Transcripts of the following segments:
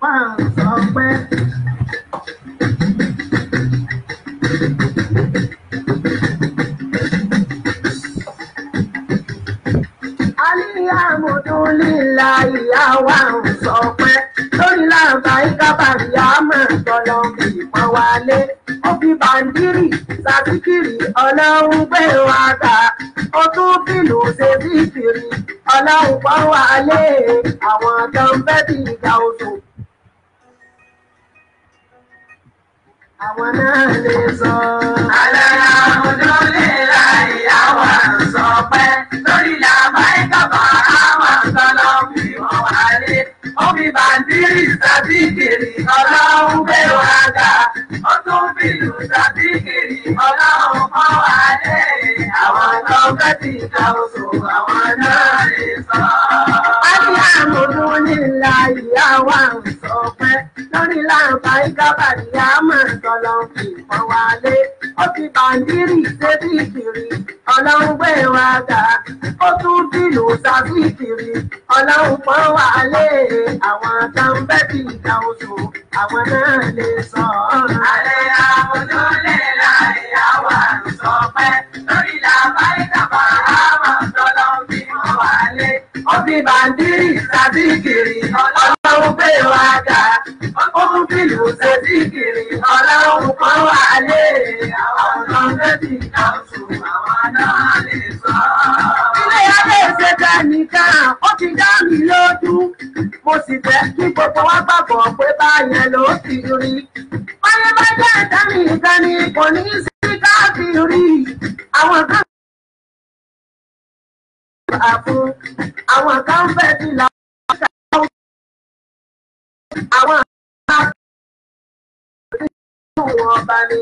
pàǹsọ̀ pẹ́. Alihamudulila ìyá wa ń sọ pé lórí láǹfà ìkábà ìyá máa ń tọ́lọ́ ìpọ́n wálé. Ó fi bàǹdírì sàtíkìrì ọlọ́run gbé wa ga. Ó tún fìlù Àwọn tó ń fẹ́ bí ìgbà oṣù. àwọn náà lè sọ. alẹ́ àmúdó lè ra ìyàwó àǹsọ̀ pẹ́ lórí làbá ìkàbà àwọn àǹsọ̀lọ́ fi wọ́n wálé. omi bàndírì sábìkìrì ọlọ́run bẹ́ẹ̀ wá ga ó tún bìlù tàbí kiri ọlọ́run kọ́ wá lé àwọn tó fẹ́ ti ta oṣù àwọn náà lè sọ. a ní àmọ̀dún nílà ìyá wa ń sọ pé lórí láǹfààní kábàdì àmọ̀ ìtọ́lọ́ fi ìfọwọ́ lé ó ti bàǹdírì ṣébìkiri ọlọ́run gbé wa ga ó tún dìlù sábìkiri ọlọ́run pọ́n wà lé àwọn tó ń bẹ́ bí ìdá oṣù àwọn náà lè sọ. àlẹ́ àwọn tó lè la ìyá wa sọ pé lórí làbá ìjàmbá àwọn tọ́lọ́ fi hàn wá lé. ó ti bàǹdírì sábìkiri ọlọ́run gbé wa ga ó tún dìlù sábìkiri ọlọ́run pọ́n wà lé àwọn àwọn lọ́ńdẹ́bì káàtó àwọn náà lè sọ. ilé abẹ́ ìṣẹ̀dá nìkan ó ti dá mi lójú mo sì fẹ́ kí gbogbo wa gbàgbọ́ pé báyẹn ló ti rí. wọ́n bá jẹ́ ẹ̀dá nìkan ni kò ní í sí káàkiri àwọn kan. àfún àwọn kan fẹ́ ti là àwọn àgbà wọn bá ní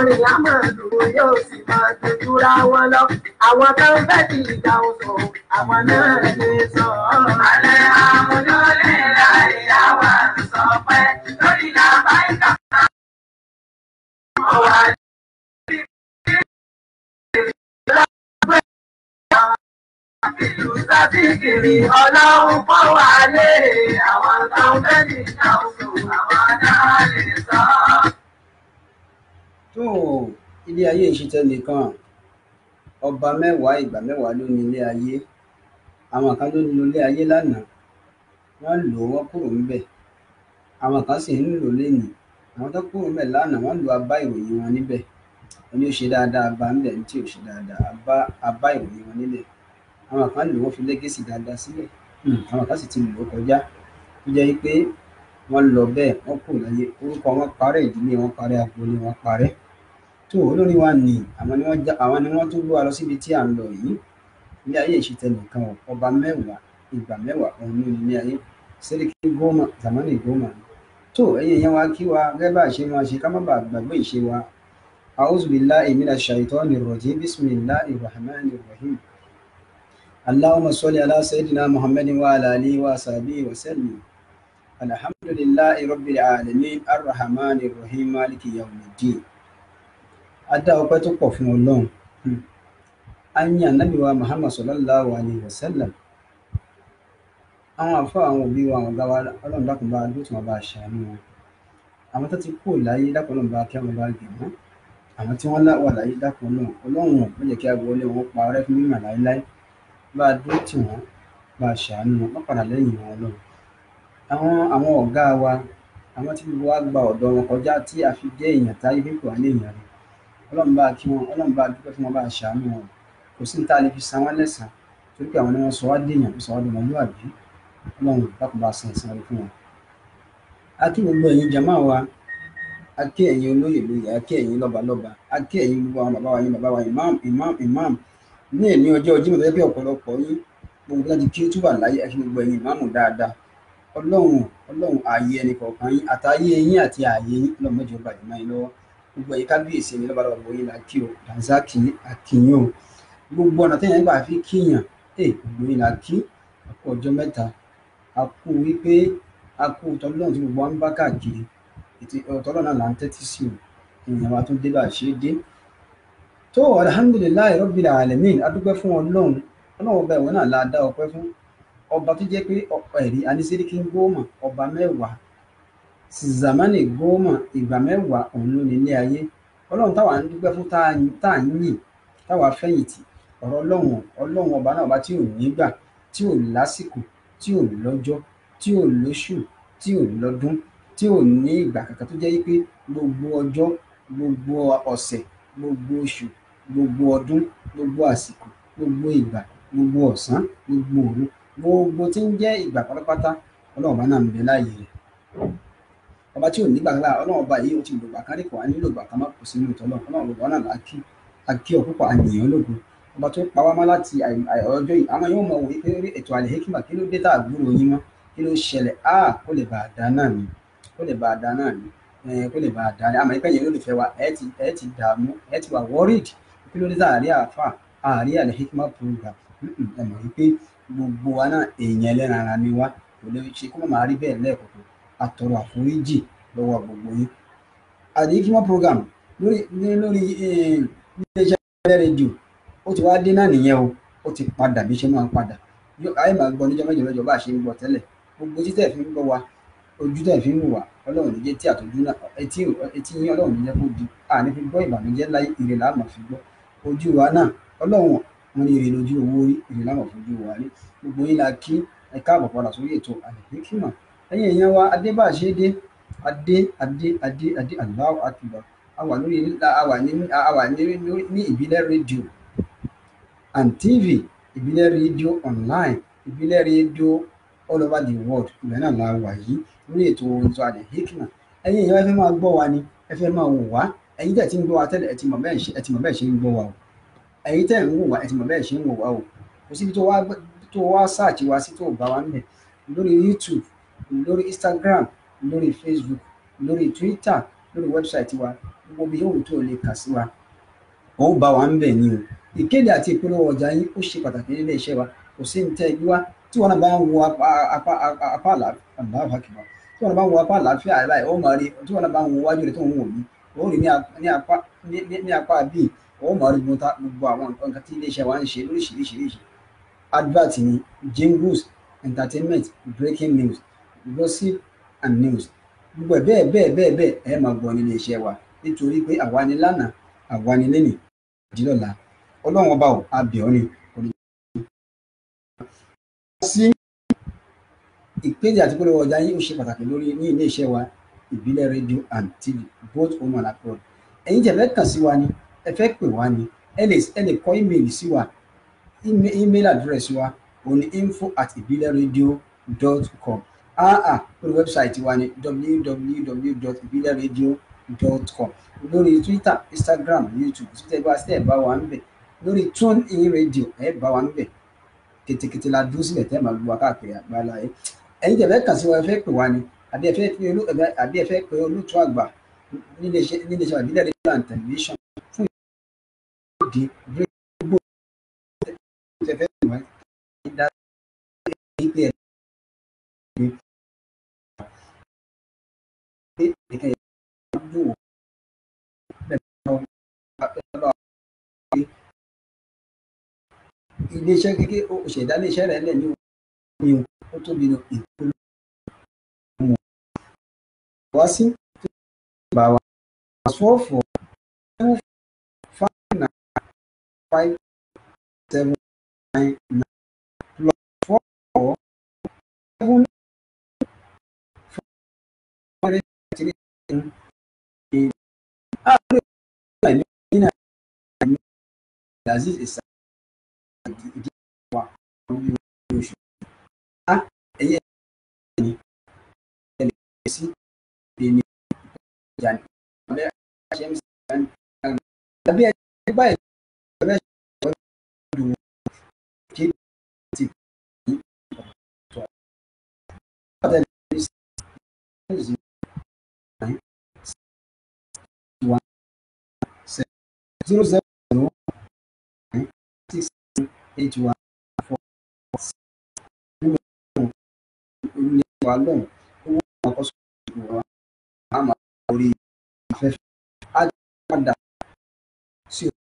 rìn á máa dùn yóò sì máa dojúra wọn lọ. Àwọn tó fẹ́ ti ìjà oṣù, àwọn náà lè sọ. Àlẹ́ àmúlò lè ra ìyá wa sọ pé lórí làbá ìkà máa wà ní. Ìlú ọlọ́run pọ̀ wá lé àwọn tó ń fẹ́ ti ìjà àwọn náà lè sọ tóò ilé ayé yìí ṣe tẹnìkan ọba mẹ́wàá ìgbà mẹ́wàá ló ní ilé ayé àwọn kan ló ní ilé ayé lánàá wọ́n lò ó wọ́n kúrò ńbẹ̀ àwọn kan sì ń lò lénìí àwọn tó kúrò ńbẹ̀ lánàá wọ́n lò abá ìròyìn wọn níbẹ̀ ẹni ó ṣe dáadáa abá ńbẹ̀ tí ò ṣe dáadáa abá abá ìròyìn wọn níbẹ̀ àwọn kan lò wọ́n fi lẹ́gẹ́sì dáadáa sílẹ̀ hmm, àwọn kan sì ti lò ó kọjá tó jẹ́ pé wọ́n lọ bẹ́ẹ̀ wọ́n kù láyé orúkọ wọn parẹ́ ìdílé wọn parẹ́ agboolé wọn parẹ́ tó olórin wa nì àwọn ni wọ́n já àwọn ni wọ́n tún gbọ́ wa lọ síbi tí à ń lọ yìí ilé ayé ìṣètẹ nìkan ọba mẹ́wàá ìgbà mẹ́wàá òun ní ilé ayé sẹ́ríkì gómà zamani gómà tó ẹ̀yin yẹn wá kí wa gẹ́gẹ́ bá ṣe máa ṣe ká má bàa gbàgbé ìṣe wa a'udhu billahi minash shaitani rrajim bismillahir rahmanir rahim allahumma salli ala sayyidina الحمد لله رب العالمين الرحمن الرحيم مالك يوم الدين adá ọpẹ́ tó pọ̀ fún Ọlọ́run محمد صلى الله عليه وسلم Muhammad sallallahu alayhi wa sallam àwọn àfọ àwọn òbí wa àwọn ọgá wa Ọlọ́run dákun bá dúró tí wọn bá ṣàánú wọn àwọn tó ti kú láyé dákun Ọlọ́run bá kí wọn bá gbè wọn àwọn tí wọn wà láyé dákun náà Ọlọ́run ò jẹ́ kí agboolé wọn pa ọrẹ fún mímọ láéláé bá dúró tì wọn bá ṣàánú wọn wọn padà lẹ́yìn wọn Ọlọ́run àwọn àwọn ọ̀gá wa àwọn tí gbogbo wa gba ọ̀dọ̀ wọn kọjá tí a fi jẹ́ èèyàn táyé fi ń pè wá ní èèyàn rere ọlọ́run bá kí wọn ọlọ́run bá dúpẹ́ fún wọn bá ṣàánú wọn kò sí ní tá a lè fi san wọn lẹ́san torí pé àwọn ni wọ́n sọ wá déèyàn sọ wá dé ọmọlúwàbí ọlọ́run dákun bá san ẹ̀san rẹ̀ fún wọn. a gbogbo ẹ̀yin jàmáà wa a kí ẹ̀yin olóyè lóyè a kí ẹ̀yin lọ́ba lọ́ba a kí ẹ̀yin gbogbo àwọn bàbá wa yín bàbá wa imam imam imam ní èmi ọjọ́ Jímọ̀ tó yẹ pé ọ̀pọ̀lọpọ̀ yín gbogbo láti kí ó túbà láyé ẹ fi gbogbo ọlọ́run ọlọ́run ààyè ẹnìkọ̀ọ̀kan yín àtàyè yín àti ààyè yín ọlọ́run mọ́jọ gbàdúrà mọ́ yín lọ́wọ́ gbogbo ẹ̀yìn kábíyèsí mi lọ́ba lọ́wọ́ yín la kí o Danzaki akínyìn o gbogbo ọ̀nà téèyàn gbà fi kíyàn ẹ̀ eh, gbogbo yín la kí a kú ọjọ́ mẹ́ta a kú wípé a kú tọ́lọ́run tí gbogbo wa ń bá káàkiri tọ́lọ́run náà là ń tẹ́tí sí o èèyàn wa tún dé bá ṣe é dé tó alhamdulilayi rabbil alamin adúpẹ́ fún ọlọ́run ọlọ́run ọba ìwọ náà la dá ọpẹ́ fún ọba tó jẹ́ pé ẹ̀rí anisiriki góòmà ọba mẹ́wàá sizamani góòmà ìgbà mẹ́wàá òun ló ní ilé ayé ọlọ́run táwa ń dúpẹ́ fún tá à ń yìn táwa fẹ̀yìntì ọ̀rọ̀ ọlọ́run ọlọ́run ọba náà ọba tí ò nígbà tí ò lásìkò tí ò lọ́jọ́ tí ò lóṣù tí ò lọ́dún tí ò ní ìgbà kankan tó jẹ́ pé gbogbo ọjọ́ gbogbo ọ̀sẹ̀ gbogbo oṣù gbogbo ọdún gbogbo àsìkò gbogbo ìgbà gbogbo ọ̀sán gbogbo òru gbogbo tí ń jẹ́ ìgbà pátápátá ọlọ́run bá náà ń bẹ láàyè rẹ̀ ọba tí ò ní gbàgbà ọlọ́run bá yìí ó ti lògbà kan nípò àní lògbà kan má kò sínú ìtọ́lọ́ ọlọ́run lògbà náà láàkí àkí ọ̀pọ̀pọ̀ àyèyàn lògbò ọba tó pa wá mọ́ láti ọjọ́ yìí àwọn yóò mọ̀ wò pé ètò àlẹ́ hekima kí ló dé tá àgbúrò yín mọ́ kí ló ṣẹlẹ̀ á kó lè bá a dá náà ni kó lè bá a dá náà ni kó lè bá a dá ni àmọ́ ìpẹ́yẹ olólùfẹ́ wa ẹ ti ẹ ti dààmú ẹ ti wà worried kí ló dé tá àrí àfà àrí àlẹ́ hekima program ẹ mọ̀ wípé gbogbo wa náà èèyàn ẹlẹ́ran ara ni wá kò lè ṣe kó má rí bẹ́ẹ̀ lẹ́ẹ̀kọ̀ọ̀kan àtọ̀rọ̀ àforíjì lọ́wọ́ gbogbo yín. Al-Hikmat program lórí lórí eh, iléeṣẹ́ rédíò ó ti wá dé náà nìyẹn o ó ti padà bí ṣe máa ń padà ayé máa gbọ́ níjọ́ mẹ́jọ mẹ́jọ bá a ṣe ń gbọ́ tẹ́lẹ̀ gbogbo tí tẹ̀ fi ń gbọ́ wa ojú tẹ̀ fi ń wò wá ọlọ́run níjẹ́ tí àtọ́jú náà etí yín ọlọ́run níjẹ́ kó di àní fi gbọ́ ìbànújẹ́ láyé ìrẹ̀lẹ̀ àmọ̀ fi gbọ́ ojú wa náà ọlọ́run wọ́n ní èrè lójú owó rí èrè láwọn fojú wa rí gbogbo yín la kí ẹ káàbọ̀ padà sórí ètò àlẹ́kìmọ̀ ẹ̀yìn èèyàn wa adébàṣe dé adé adé adé adé aláwọ àtìgbà a wà lórí a wà ní ìbílẹ̀ rédíò and tv ìbílẹ̀ rédíò online ìbílẹ̀ rédíò all over the world ìgbà náà la wà yìí lórí ètò ètò àlẹ́kìmọ̀ ẹ̀yìn èèyàn ẹ fẹ́ máa gbọ́ wa ni ẹ fẹ́ máa wò wá ẹ̀yin dẹ̀ ti ń gbọ́ wa tẹ́lẹ̀ ẹ ti mọ̀ bẹ́ẹ̀ ṣe ń gbọ́ wa o Eyi tẹ́ ń wò wá ẹ o kò síbi tó wá tó wá sáàtì wá sí tó bá YouTube lórí Instagram lórí Facebook lórí Twitter lórí webụsaịtị wa gbogbo bí yóò tó lè kà sí wa ó bá wa ń ni o ìkéde àti ìpolówó ọjà yín ó ṣe pàtàkì nílé iṣẹ́ wa kò sí ní ibi tí wọn bá ń wo apá àlàáfíà tí wọn bá ń wo apá àlàáfíà báyìí ó ó mọ̀ rí gbogbo àwọn nǹkan tí iléeṣẹ́ wa ń ṣe lóríṣiríṣiríṣi advert ni jingles entertainment breaking news gossip and news gbogbo ẹ̀ bẹ́ẹ̀ bẹ́ẹ̀ bẹ́ẹ̀ bẹ́ẹ̀ ẹ máa gbọ́ nílé iṣẹ́ wa nítorí pé àwa ni lánàá àwa ni lẹ́nìí ìdílọ́la ọlọ́run ọba ò abẹ́ ọ ni sí ìpèdè àti ìpolówó ọjà yín ó ṣe pàtàkì lórí ní ilé iṣẹ́ wa ìbílẹ̀ rédíò and tv both home and abroad ẹ̀yin tẹ̀lé kàn sí wa ni ẹ fẹ́ pè wá ni ẹ lè ẹ lè kọ ímeèlì sí wa ímeèlì àdírẹ́sì wa òun ni info at ìbílẹ̀rédíò dot com aa lórí wẹ́bsáìtì wa ni www dot ìbílẹ̀rédíò dot com lórí twitter instagram youtube títẹ̀ bá tẹ̀ bá wa ń lórí tune in radio ẹ̀ bá wa ń bẹ̀ la dúró sílẹ̀ tẹ́ màá gbọ́ káàkiri àgbáńlá yẹn ẹ̀yin tẹ́ fẹ́ kàn sí wa ẹ fẹ́ pè wá ni àbí ẹ fẹ́ pè olú àbí ẹ fẹ́ pè olùtú àgbà níléeṣẹ́ níléeṣẹ́ àbílẹ̀ rẹ̀ tẹlifíṣàn fún di gbogbo tẹfẹ tìmọ ìdá ìpè ẹgbẹ pé ìkẹ ìdúró iléeṣẹ́ kékeré òṣèdá iléeṣẹ́ rẹ̀ lẹ ní omi ó tóbi ní ìpolówó wá sí bá wa sọ fọ. five seven nine nine plus four, four seven four three zero seven one nine six eight one four six nínú ilé wa lọ́hùn owó àkọsọ ìlú wa a máa orí afẹ́fẹ́ á padà sí o.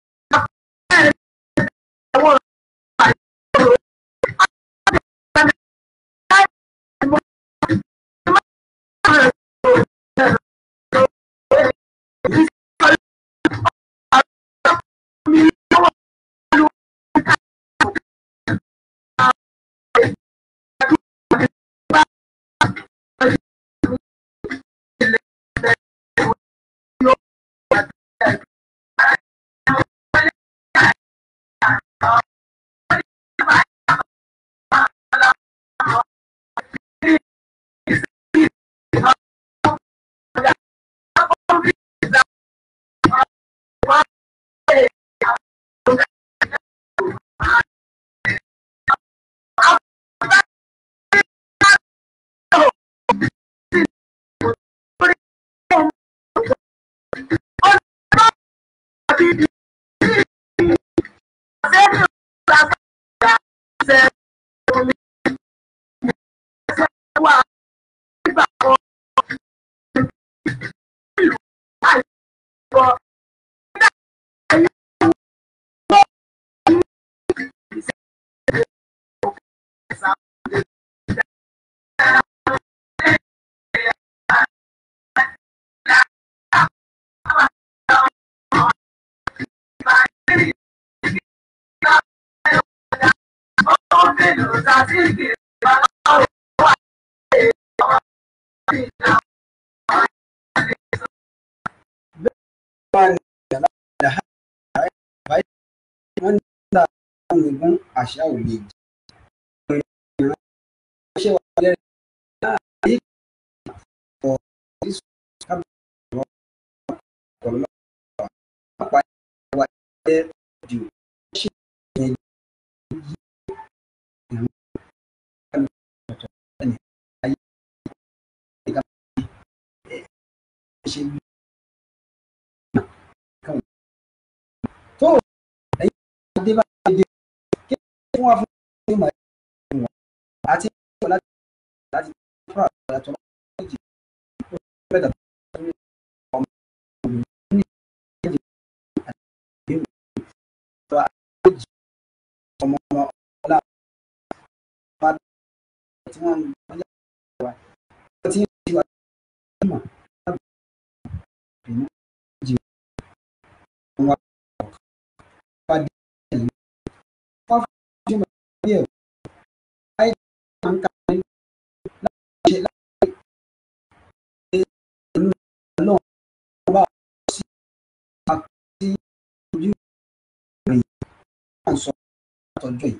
àtìkì ìgbàláwò wà ní ìjọba ní ìjọba ní ìjọba. bẹ́ẹ̀ ni wọ́n ní ìjọba àbáyé wọ́n ní ìjọba àmìgún àṣà ò lè jẹ́ ìran ṣé wà lẹ́rìí láàyè ìgbàlọ́ ìṣòro kábíyèsí ọ̀rọ̀ ọ̀pọ̀lọpọ̀ àpá ìwà ìjẹ́. ṣe yí. tó ẹ̀yin àwọn akẹ́kọ̀ọ́ bá dé ìlú wọ́n fún ọjọ́ ìmọ̀ ìlú ẹ̀kọ́ láì tó máa ń ka ní láti ṣe láti ṣe ìlú náà wọ́n bá wọ́n sí àti ojú ìrìn náà sọ látọjọ́ yìí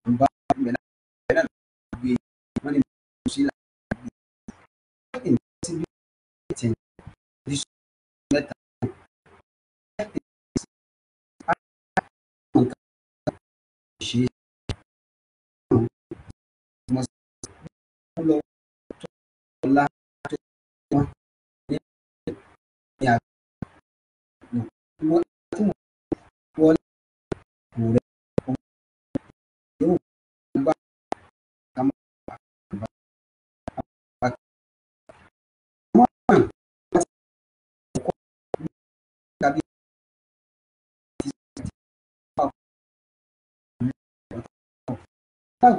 wọ́n bá ìgbẹ́ láti gbé wọ́n ní ìlú sí láti gbé. Allah do la ya ette pren York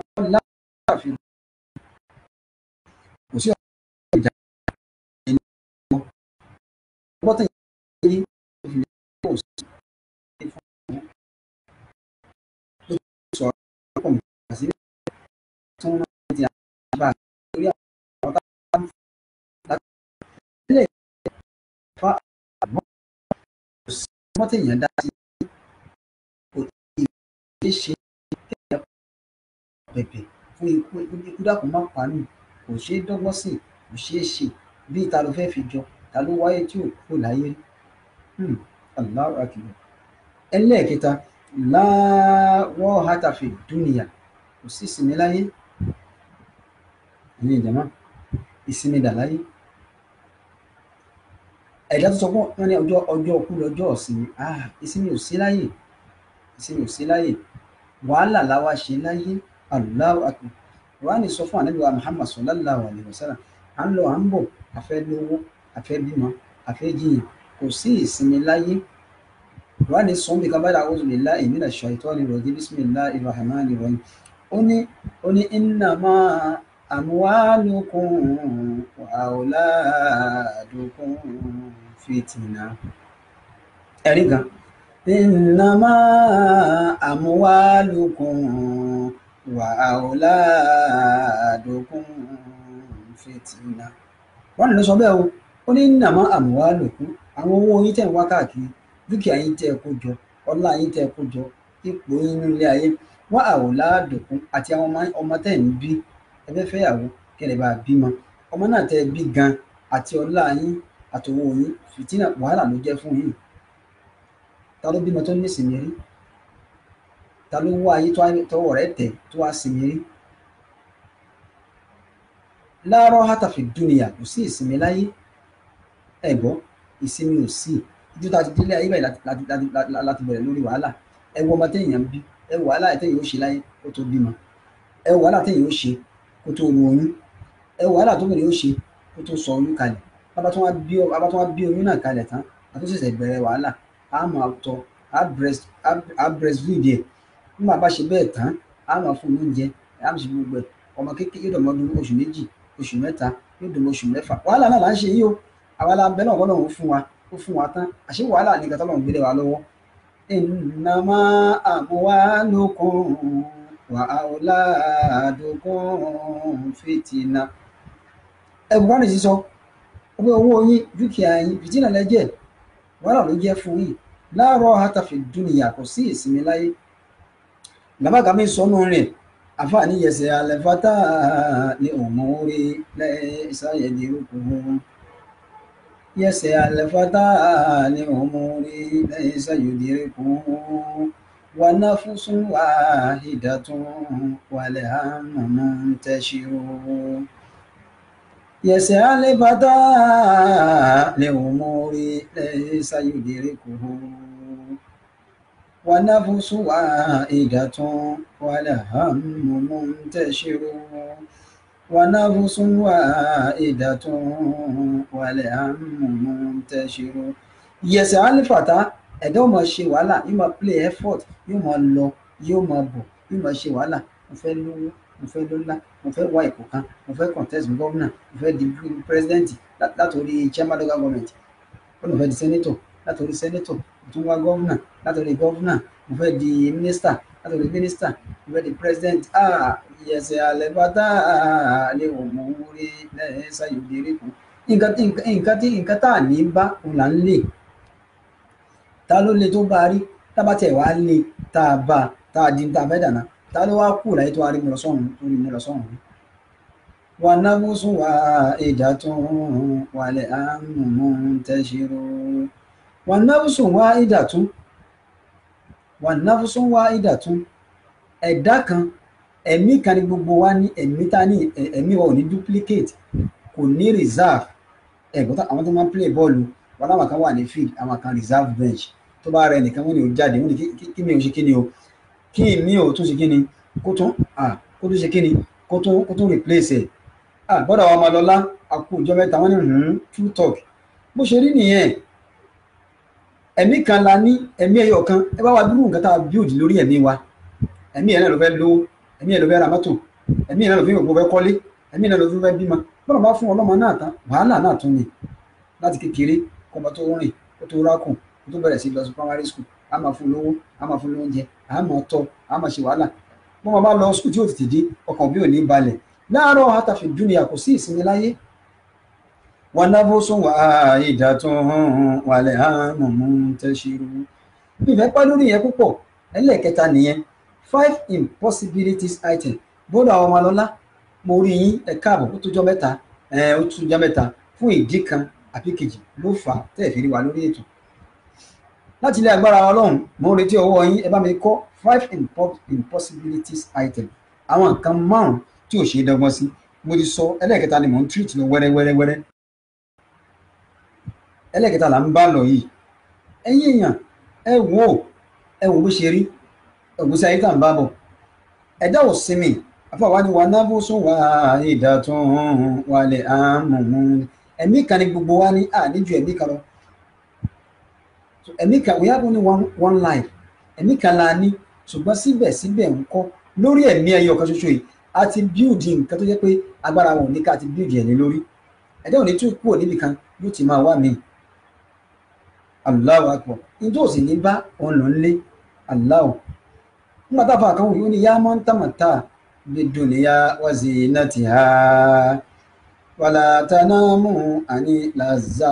ou liki bọ́tẹ̀ yìí ìlú kò sí fún un ó ti sọ ọ́ pọ̀ nípa sílẹ̀ tí wọ́n máa ti àbá lórí àwọn tá a ń fa sílẹ̀ fa àbọ̀ kò sí bọ́tẹ̀ yẹn dá sí kò tí ì ṣe kéèyàn bẹ̀bẹ̀ fún ikú ikú dákun má pa nù kò ṣeé dọ́gbọ́n sí kò ṣeé ṣe bí ìta ló fẹ́ fi jọ ta ló wáyé tí ò kú láyé hmm, Allahu akbar ẹlẹ́ẹ̀kẹta láwọ́ hátàfì dúnìyà kò sí ìsinmi láyé ní ìjàmá ìsinmi dà láyé ẹ̀dá tó sọ pé wọ́n ní ọjọ́ ọjọ́ kú lọ́jọ́ ìsinmi ah, ìsinmi ò sí láyé ìsinmi ò sí láyé wàhálà làwa ṣe láyé Allahu akbar wàá ní sọ fún ànábì wa Muhammad sallallahu alaihi wasallam à ń lọ à ń bọ̀ àfẹ́ lówó a fẹ́ bímọ a fẹ́ jiyàn kò sí ìsinmi láyé wàhálà sọ́nbi kábàdà àwọn òṣèlú ilá èmi náà ṣàìtọ́ ni rọ̀jí bísímìlá ìrọ̀hàmá ni rọ̀yìn ó ní ó ní ìnàmá àmúwálùkùn àwòládùkùn fìtìnà ẹ̀rí gan ìnàmá àmúwálùkùn àwòládùkùn fìtìnà wọ́n lè sọ bẹ́ẹ̀ o. ó ní nàmọ́ àmúwá lòkú àwọn onye yín tẹ̀ ń wá káàkiri dúkìá yín tẹ́ ẹ kó jọ ọlá yín tẹ́ ẹ jọ ipò yín nílé ayé wọ́n àwòlá dòkun àti àwọn ọmọ bi ń bí ẹ fẹ́ fẹ́yàwó ọmọ gan ati ọlá yín àtòwò yín fìtínà wàhálà ló jẹ́ fun yín ta ló ẹ̀gbọ́n ìsinmi ò sí ìjọ tá a ti délé ayé báyìí láti láti láti bẹ̀rẹ̀ lórí wàhálà ẹ wo ọmọ téèyàn bí ẹ wàhálà téèyàn ó ṣe láyé kó tó bímọ ẹ wàhálà téèyàn ó ṣe kó tó ru oyún ẹ wàhálà tóbìnrin ó ṣe kó tó sọ oyún kalẹ̀ bàbá tó wá bí oyún náà kalẹ̀ tán àtúnṣẹ̀ṣẹ̀ bẹ̀rẹ̀ wàhálà á máa tọ á breastfeed ẹ̀ nígbà bá ṣe bẹ́ẹ̀ tán á máa fún oúnjẹ á máa ṣe gbogbo ẹ̀ ọmọ kékeré yóò dọ̀mọ́ ọdún oṣù méjì oṣù mẹ́ta yóò dọ̀mọ́ oṣù mẹ́fà àwa la ń bẹ náà kọ́ lóun fún wa ó fún wa tán àṣé wàhálà nìkan tó lóun gbélé wa lọ́wọ́. ìnàmá àmúwálùkùn wà áwòládùkùn fìtìnà. owó yín dúkìá yín fìtìnà lẹ́jẹ̀ wàhálà ló jẹ́ fún yín láàárọ̀ àtàfẹ́ dúnìyà kò sí ìsinmi láyé. ni òun orí يسعى الفتى لعمره ليس يدركه ونفس واحدة والهم منتشر يسعى الفتى لعمره ليس يدركه ونفس واحدة والهم منتشر ونفس واحدة والهم منتشر yẹsẹ̀ alifata ẹ̀dá ò máa ṣe wàhálà yóò máa play effort yóò máa lọ yóò máa bọ̀ yóò máa ṣe wàhálà mo fẹ́ lówó mo fẹ́ lọ́lá mo fẹ́ wá ipò kan mo fẹ́ contest gọ́vnà mo fẹ́ di president látòrí chairman local government ó lọ fẹ́ di senator látòrí senator mo tún wá gọ́vnà látòrí gọ́vnà mo fẹ́ di minister láti orí mínísítà ìwé di president ìyẹ̀sẹ̀ ah, àlẹ́bàtà lè wò mọ́ orí lẹ́yìn sáyòdì eréko nǹkan tí nǹkan tí nǹkan tá à ní bá òun ń lè ta ló le tó bá a rí tábà tẹ̀ wá lè tá a bá a tá a di tá a fẹ́ dànà ta ló wá kù láyé tó wá rí mu lọ sọ́run tó rí mu lọ sọ́run rí wà nábùsùn wà ìjà tó ń wàlẹ̀ àmùmù tẹ̀síro wà nábùsùn wà ìjà tó ń wà náfúsún wá ìdàtún ẹ̀dá kan ẹ̀mí kan ní gbogbo wa ní ẹ̀mí tá ní ẹ̀mí wa ò ní duplicate kò ní reserve ẹ̀gbọ́n tó àwọn tó máa ń play bọ́ọ̀lù wọn láwọn kan wà ní field àwọn kan reserve bench tó bá rẹ nìkan wọn ni ò jáde wọn ni kí mi ò ṣe kí ni o kí mi ò tún ṣe kí ni kó tún kó tún ṣe kí ni kó tún kó tún replace ẹ̀ gbọ́dọ̀ àwọn ọmọ lọ́lá àkójọ mẹ́ta wọn ni two talk bó ṣe rí nìyẹn ẹ̀mí kan la ní ẹ̀mí ẹ̀yọ̀ kan ẹ bá wa dúró nǹkan tá a build lórí ẹ̀mí wa ẹ̀mí yẹn náà ló fẹ́ lówó ẹ̀mí yẹn ló fẹ́ ra mọ́tò ẹ̀mí yẹn náà ló fi òkú fẹ́ kọ́lé ẹ̀mí yẹn náà ló fi fẹ́ bímọ bọ́lá bá fún ọlọ́mọ náà tán wàhálà náà tún ni láti kékeré kó bá tó rìn kó tó rákùn kó tó bẹ̀rẹ̀ sí lọ sí primary school a máa fún lówó a máa fún lóúnjẹ a máa tọ́ a máa ṣe wàhálà bọ́n bá lọ ونفس واحدة والهم منتشر ìfẹ́ pẹ́ lórí yẹn púpọ̀ ẹlẹ́ẹ̀kẹta nìyẹn five impossibilities item bọ́dọ̀ àwọn ọmọlọ́lá mo rí yín ẹ káàbọ̀ ó tó jọ mẹ́ta ẹ ó tó jọ mẹ́ta fún ìdí kan àbí kejì ló fà á tẹ̀ fi rí wa lórí ètò láti ilé agbára ọlọ́run mo ń retí ọwọ́ yín ẹ bá mi kọ́ five impossibilities item àwọn nǹkan márùn-ún tí ò ṣeé dọ́gbọ́n sí mo ti sọ ẹlẹ́ẹ̀kẹta ni mò ń treat lọ wẹ́rẹ́wẹ́rẹ́wẹ́rẹ́ ẹlẹ́kẹta là ń bá lọ yìí ẹ̀yin èèyàn ẹ wò ó ẹ wò bó ṣe rí ògùnṣe ayé tá à ń bá bọ̀ ẹ̀dá ò sinmi àfọwádìí wa náà bó sún wá ìdàtún wàlẹ̀ àmùmù ẹ̀mí kan ní gbogbo wa ní àníjù ẹ̀mí kan lọ ẹ̀mí kan we have only one, one life ẹ̀mí kan la ní ṣùgbọ́n síbẹ̀síbẹ̀ ń kọ́ lórí ẹ̀mí ẹyọ kan ṣoṣo yìí a ti build nǹkan tó jẹ́ pé agbára wọn ò ní ká ti build ẹ̀ lé lórí ẹ̀dá ò ní tún kúrò níbì yóò ti máa wá míì Allahu akbar nítorí òsì ní bá òun lọ nílé aláwọ nígbà tá a fà kàn wọ́n yóò ní yá mọ́ ń tàmàtà bí dùnìyà wá sí iná ti ha wàlà tànámù àní làzà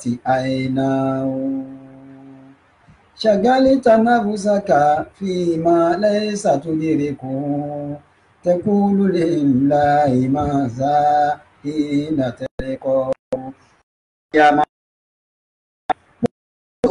ti àìná o. شغلت نفسك فيما ليس تدركه تقول لله ماذا حين تلقاه يا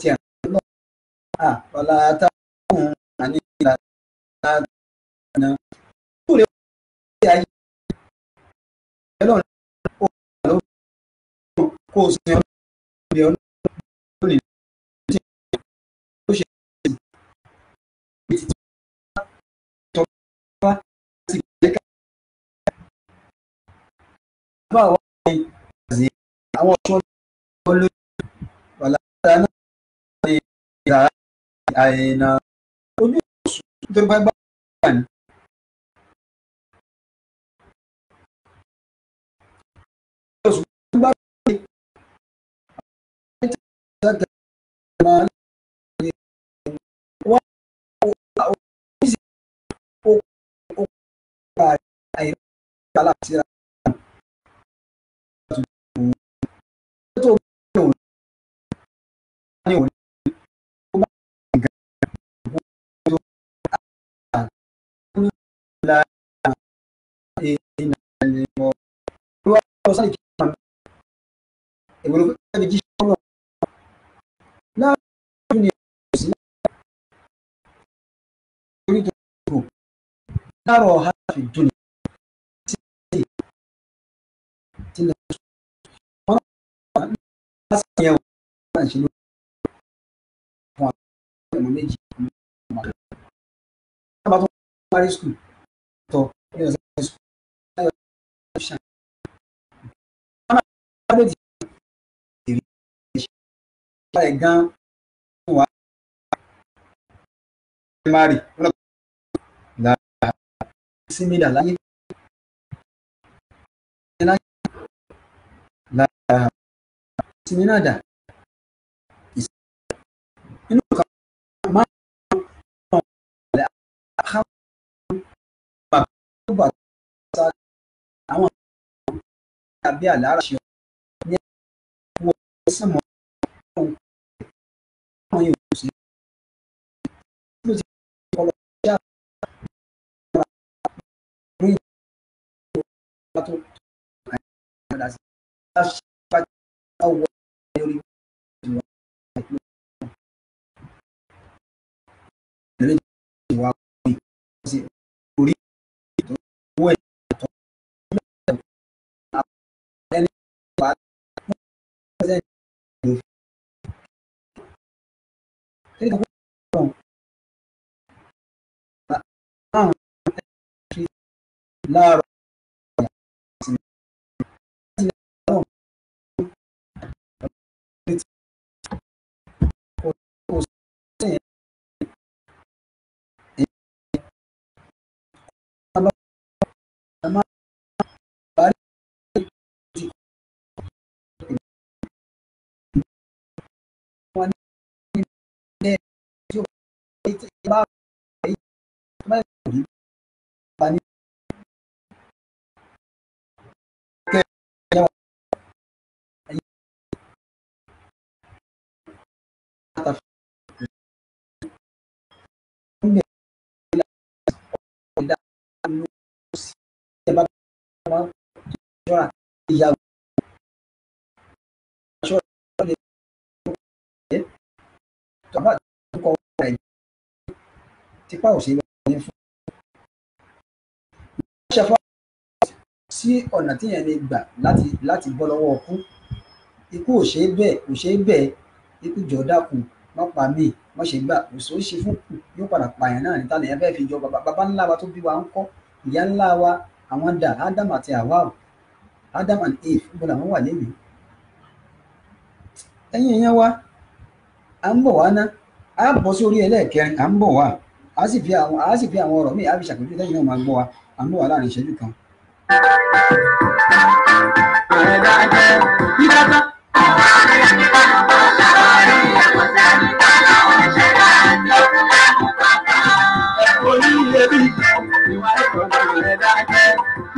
ti àná náà ọ̀la táwọn àní ìlà àná tó lè wọ́n ti ayé ẹlọ́run ó wà ló kó o sin ọlọ́run ìbí ọlọ́run lè ti ó ṣe é sí tọ́ka sí ìgbẹ́ká bá wà ní àwọn ọ̀ṣun ọlọ́run yàrá àyìnà ojú òṣù nítorí pé gbọ́dọ̀ wà ní. Gracias. ni mo ló wá lọ sáré kí n èwo ló fẹ́ fi jíṣẹ́ ọ̀rọ̀ láàárín ní ọ̀rọ̀ sí orí tó kù láàárọ̀ ọ̀há fi dùn ní sí ẹ̀yìn tí lè sọ wọn náà wà lásìkò yẹn wọn náà ṣe ló fún àwọn ọmọ méjì ọmọ ọmọ rẹ. Tábà tó ń parí skul. kábíyèsí ìrìn ìṣẹ́ rẹ̀ gan-an fún wa primary lára símílà láyé lára símínàdà nínú ìka máa ń tàn lẹ́ àkáwọn bàbá tó bàtà àwọn àbí àlàárà ṣe essa la Ama máa ń tọ́jú ìṣọ́ra lè yàgò ìṣọ́ra lè tó kọ̀ọ̀dé tọ́ba tó kọ̀ ọ̀rọ̀ ẹ̀ tipa òsè ní fún un. ṣe fọ́ sí ọ̀nà tíyẹn lè gbà láti láti bọ́ lọ́wọ́ ọkú ikú ò ṣeé bẹ́ẹ̀ ò ṣeé bẹ́ẹ̀ ikú jọ̀ọ́ dákun má pa mí má ṣe gbà òṣò ṣe fún kù yóò padà pààyàn náà níta nìyẹn fẹ́ẹ́ fi jọ bàbá ńlá wa tó bí wa ń kọ́ ìyá ńlá wa àwọn dà Adam àti Awao Adam and Eve níbo làwọn wà lénìí ẹ̀yin èèyàn wa à ń bọ̀ wá ná a bọ̀ sí orí ẹlẹ́ẹ̀kẹrin à a sì fi àwọn a sì fi àwọn ọ̀rọ̀ míì a fi ṣàpèjúwe lẹ́yìn náà máa gbọ́ wa à ń bọ̀ wá láàrin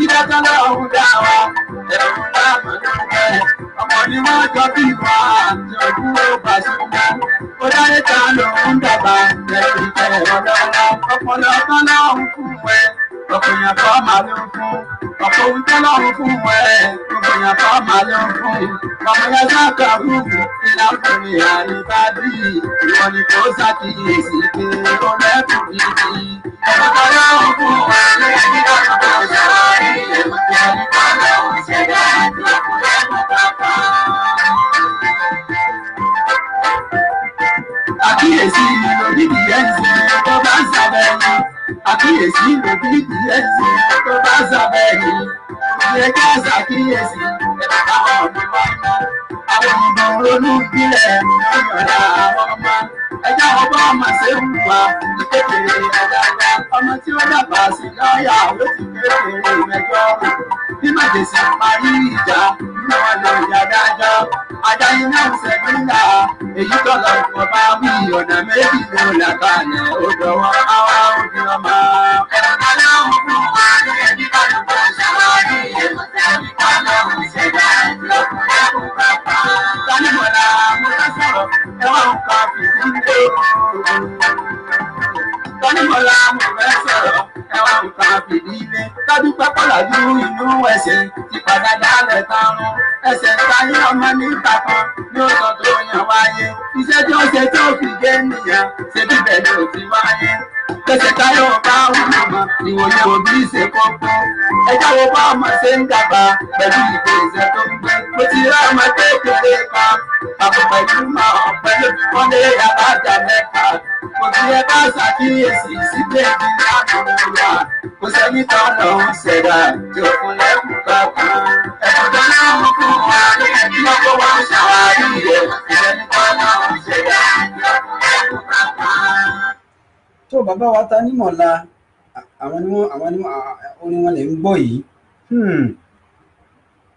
kílẹ̀ tọ́lá ọ̀hún dá wa ẹ̀rù bá mọ̀lúkẹ́ ọmọ ni wọ́n jọ bí wà àti ọdún ó bá sí mọ́ ó dáre ta ló ń dàgbà ẹ̀rù ìfẹ́ ọ̀dọ́ ọpọlọ tọ́lá ọ̀hún fún ẹ ọ̀pọ̀ èèyàn fà máa lé ń fún ọ̀pọ̀ wípé lọ́run fún ẹ ọ̀pọ̀ èèyàn fà máa lé ń fún ọmọ yẹn sáàkà rúbù ìlà fún ìhàlì bá dì ìwọ ni kò ṣàkíyèsí pé ó lẹ́kùn gidi ọ̀pọ̀ lọ́run fún ẹ lẹ́yìn tí wọ́n ti kọ́ sọ́ọ́ rí ìwọ ni kò lọ́run ṣe bẹ́ẹ̀ tí ó kù lẹ́kùn kankan. àkíyèsí lórí ìyẹn ìṣẹ̀lẹ̀ tó bá ń ṣàbẹ̀yìn àkíyèsí òbíkì ẹ̀sìn tó bá sábẹ́ yìí yẹ ká ṣàkíyèsí àwọn ọmọ àwọn ọmọ ronú bílẹ̀ ọ̀nà àwọn ọmọ ẹja ọgbà ọmọ ṣẹ́gun wa kékeré ọ̀dàdà ọmọ tí ó dàgbà sí lọ́ọ̀yà ó ti kékeré ẹjọ́ bí màjèsè parí ìjà nínú ọ̀nà ìyàdájọ́ ajayi náà ń sẹ́gbẹ́ ńlá èyí tọ́lá ọba wí ọ̀nà méjì ló là kalẹ̀ ó dọwọ́ àwa òbí ọmọ. ẹ̀rọ kan náà ń fún wa ní ẹbí kálukú. wáyé ọmọ ní bàkan yóò sọ tó yàn wáyé iṣẹ́ tí ó ṣe tí ó fi gé nìyẹn ṣe bíbẹ̀ ni ti wáyé kẹsẹkayọ bá màmá ìwòye òbí ṣe kọ́kọ́ ẹjá wo bá àmọ ṣe ń dàgbà pẹ̀lú ìgbésẹ̀ tó ń gbé mo ti rá ọmọ kékeré pa àpòpọ̀ ìtumọ̀ ọ̀pẹ lójú kọ́lé yàrá àjà mẹ́ta kò sí ẹ bá ṣàkíyèsí síbẹ̀ ní àkókò kò sẹ́ni tọ́nà ń ṣẹ̀dá tí ó fún lẹ́kùn kankan ẹ̀kọ́ tó náà mú fún wa ní ọkọ̀ wa ń ṣàwárí rẹ̀ kò sẹ́ni tọ́nà ń ṣẹ̀dá tí fún lẹ́kùn kankan tó bàbá wa ta nímọ̀lá àwọn ni wọ́n àwọn ni wọ́n orin wọn lè ń gbọ́ yìí hmm.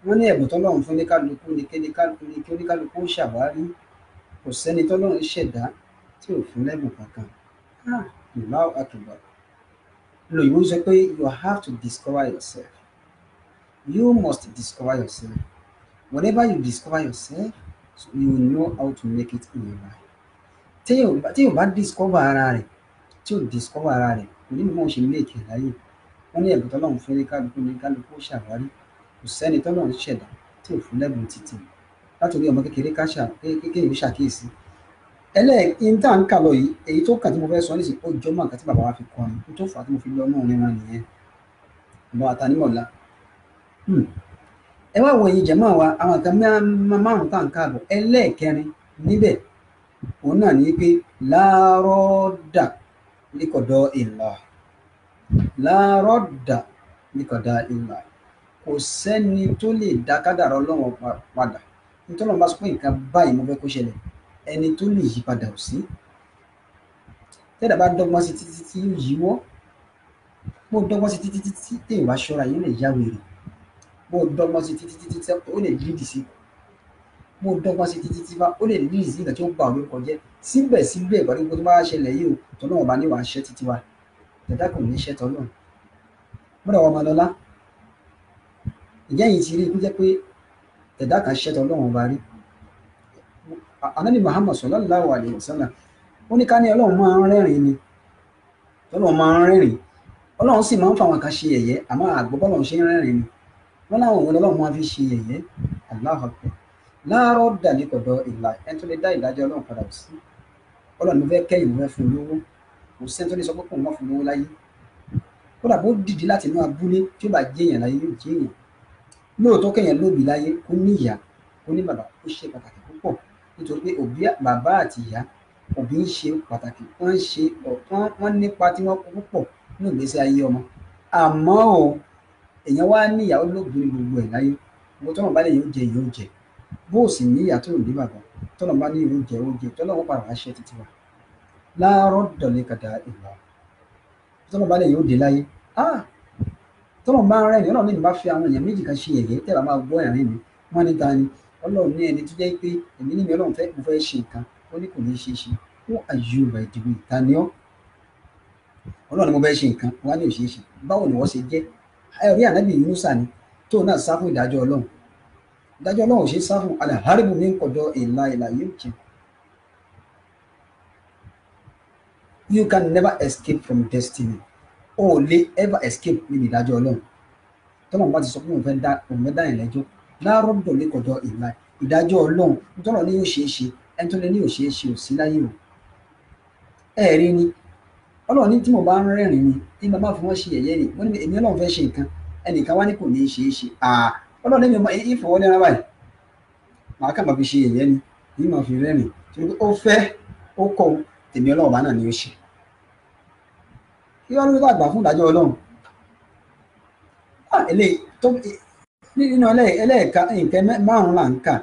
wọ́n ní ẹ̀bùn tọ́lọ́run fún oníkálukú ni kí oníkálukú ni kí oníkálukú ó ṣàwárí kò sẹ́ni tọ́lọ́run ṣẹ̀dá tí ò fún lẹ́bùn kankan ìlà àtùbà lòyìnbó sọ pé you have to discover yourself you must discover yourself whenever you discover yourself so you know how to make it in your life tí yóò bá discover ara rẹ̀ tí ò discover ara rẹ̀ kò ní mọ̀ ṣe méèkì ẹ̀ láyè wọ́n ní ẹ̀bùn tọ́lọ́run fún oníkálukú ní kálukú ó ṣàwárí kò sẹ́ni tọ́lọ́run ṣẹ̀dá tí ò fún lẹ́bùn títì látòrí ọmọ kékeré káṣà kékeré ó ṣàkíyèsí ẹlẹ́yìn tá à ń kà lọ yìí èyí tó kà tí mo fẹ́ sọ nísìnyí ó jọmọ́ nǹkan bàbá wa fi kọ́ ni tó fà á tí mo fi lọ náà ní wọn nìyẹn ọ̀nà àtànímọ̀lá hmm. ẹ wá wọ ẹ̀yin jẹ̀mọ́ liqada'i Allah la radda liqada'i Allah kò sẹ́ni tó lè dá kádàrá ọlọ́run padà nítorí wọn bá sọ pé nǹkan báyìí mo fẹ́ kó ṣẹlẹ̀ ẹni tó lè yí padà ò sí tẹ́lẹ̀ bá dọ́gbọ́n sí títí tí yóò yíwọ́ bó dọ́gbọ́n sí títí títí tí èèwà ṣọ́ra yìí lè yá wèrè bó dọ́gbọ́n sí títí títí tí ó lè lídì sí mo dọ́gba sí títí tí bá ó lè ní ìsìn ìgbà tí ó gbà lórúkọ jẹ́ síbẹ̀síbẹ̀ ìgbà tó bá ṣẹlẹ̀ yìí o tó náà bá ní wàá ṣẹ́ títí wa dàdá kò ní ṣẹ́ tọ́ náà múra wa máa lọ́lá ìjẹ́ yìí ti rí kó jẹ́ pé dàdá kan ṣẹ́ tọ́ náà bá rí anabi muhammad sallallahu alayhi wa sallam ó ní ká ní ọlọ́run máa ń rẹ́rìn ni ọlọ́run máa ń rẹ́rìn ọlọ́run sì máa ń fàwọn kan ṣe yẹ̀yẹ́ àmọ́ àgbọ̀ bọ́lọ́run ṣe ń rẹ́rìn ni wọ́n láwọn òun ọlọ́run máa fi ṣe yẹ̀yẹ́ aláhàpẹ́ láàárọ̀ dàlí kọ̀dọ̀ ìlà ẹni tó lè dá ìdájọ́ ọlọ́run padà sí ọlọ́run ló fẹ́ kẹ́ ìlú fẹ́ fún lówó kò sẹ́ni tó lè sọ pé kò wọ́n fún lówó láyé kódà bó dìde láti inú abúlé tí ó bá jẹyàn láyé yóò jẹyàn lóòótọ́ kẹyàn lóbi láyé kó ní ìyá kó ní bàbá ó ṣe pàtàkì púpọ̀ nítorí pé òbí bàbá àti ìyá òbí ń ṣe pàtàkì wọ́n ń ṣe wọ́n nípa tí wọ́n púpọ̀ ní ìgbésí ayé ọmọ àmọ́ o èèyàn wá ní ìyàwó lóbìnrin gbogbo ẹ̀ láyé gbogbo tọ́mọ̀ bá lè yóò jẹ yóò jẹ bó o sì ní ìyá tó ò ní bàbá tọ́nà bá ní ìrú jẹ oúnjẹ tọ́nà ó padà wá ṣe títí wa láàárọ̀ dọ̀lẹ́ kàdà ìlà tọ́nà bá lè yóò dé láyé ah! tọ́nà bá ń rẹ́rìn ọlọ́run ní bá fi àwọn èèyàn méjì kan ṣe ẹ̀yẹ tẹ́lá máa gbọ́ ẹ̀rín mi wọ́n ní ta ni ọlọ́run ní ẹni tó jẹ́ pé èmi ní mi ọlọ́run fẹ́ mo fẹ́ ṣe nǹkan ó ní kò ní ṣe ṣe fún àyù rẹ̀ ìdìbò ìtaniọ́ ọlọ́run mo fẹ́ ṣe nǹkan ni wọ́n ṣe jẹ́ ẹ̀rí ànábì Musa ìdájọ́ ọlọ́run ṣe sáfù alàhárìbù ní kọjọ ìlà ìlà yìí kí you can never escape from destiny o lè ever escape níbi ìdájọ́ ọlọ́run tọ́lọ́run bá ti sọ pé òun fẹ́ dá òun fẹ́ dá ìlẹ́jọ́ láàárọ̀ dọ̀ ní kọjọ ìlà ìdájọ́ ọlọ́run ní yóò ṣe ẹni ṣe ò sí ní tí ṣe ṣe nǹkan ẹnìkan wá ní kò ọlọ́run èmi mọ ìfowó ní arábàyè màá kàn máa fi ṣe èyẹ ni yìí máa fi rẹ́rìn tí ó fẹ́ ó kọ tèmi ọlọ́run náà ni ó ṣe kí wọ́n fún ìdájọ́ ọlọ́run ah, eléyìí tó nínú ẹlẹ́ẹ̀ka nǹkan márùn-ún là ń kà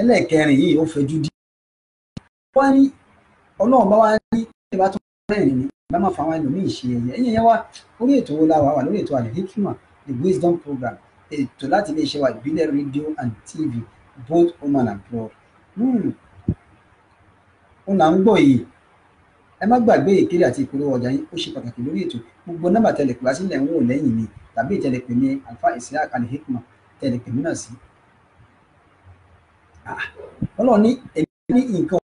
ẹlẹ́ẹ̀kẹrin yìí ó ní ọlọ́run bá fa àwọn ẹlòmíì ṣe ẹ̀yẹ ẹ̀yẹ la wà wà lórí ètò the wisdom program ètò láti iléeṣẹ́ wa ìbílẹ̀ rédíò and tv both home and abroad òun hmm. là ń gbọ́ yìí ẹ má gbàgbé ìkéde àti ìpolówó ọjà yín ó ṣe pàtàkì lórí ètò gbogbo nọ́mbà tẹlẹpẹ wá sílẹ̀ ń wò lẹ́yìn mi tàbí ìtẹlẹpẹ ní alfa isiaq alihikma tẹlẹpẹ mí náà sí. Ah, ọlọ́run ní èmi ní nǹkan.